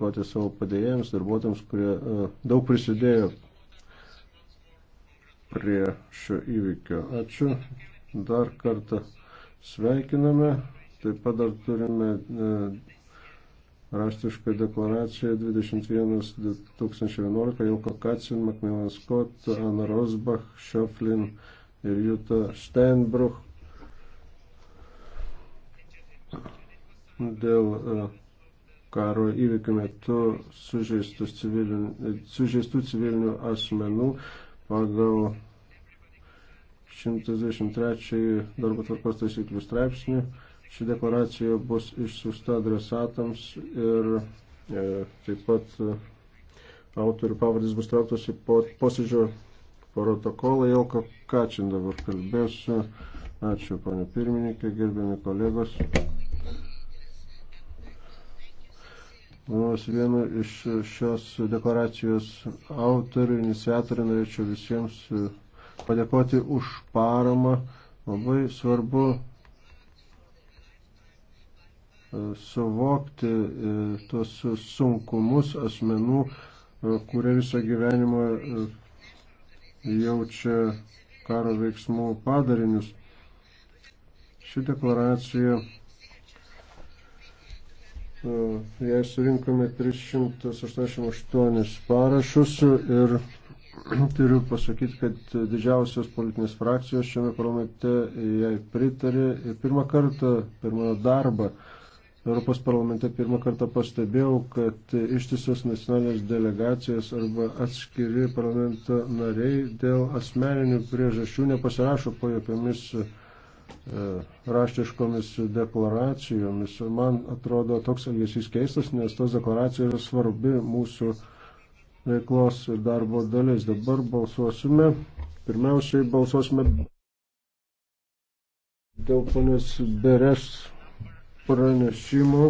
padėkoti savo padėjėjams, darbuotojams, kurie e, daug prisidėjo prie šio įvykio. Ačiū. Dar kartą sveikiname. Taip pat dar turime e, raštišką deklaraciją 21.2011 Jauko Kacin, Makmilan Scott, Anna Rosbach, Šoflin ir Juta Steinbruch dėl e, karo įvykių metu sužeistų civilinių, sužeistų civilinių asmenų pagal 123 darbo tvarkos taisyklių straipsnių. Ši deklaracija bus išsiusta adresatams ir e, taip pat e, autorių pavardys bus trauktos į po, posėdžio protokolą. Jelko Kačin dabar kalbėsiu. Ačiū, panė pirmininkė, gerbiami kolegos. Manau, vienu iš šios deklaracijos autorių, iniciatorių norėčiau visiems e, padėkoti už paramą. Labai svarbu e, suvokti e, tuos sunkumus asmenų, kurie visą gyvenimą jaučia karo veiksmų padarinius. Ši deklaracija jei surinkome 388 parašus ir turiu pasakyti, kad didžiausios politinės frakcijos šiame parlamente jai pritarė ir pirmą kartą per mano darbą Europos parlamente pirmą kartą pastebėjau, kad ištisos nacionalinės delegacijos arba atskiri parlamento nariai dėl asmeninių priežasčių nepasirašo po jokiamis E, raštiškomis deklaracijomis. Man atrodo toks elgesys keistas, nes tos deklaracijos yra svarbi mūsų veiklos ir darbo dalis. Dabar balsuosime. Pirmiausiai balsuosime dėl ponios Beres pranešimo.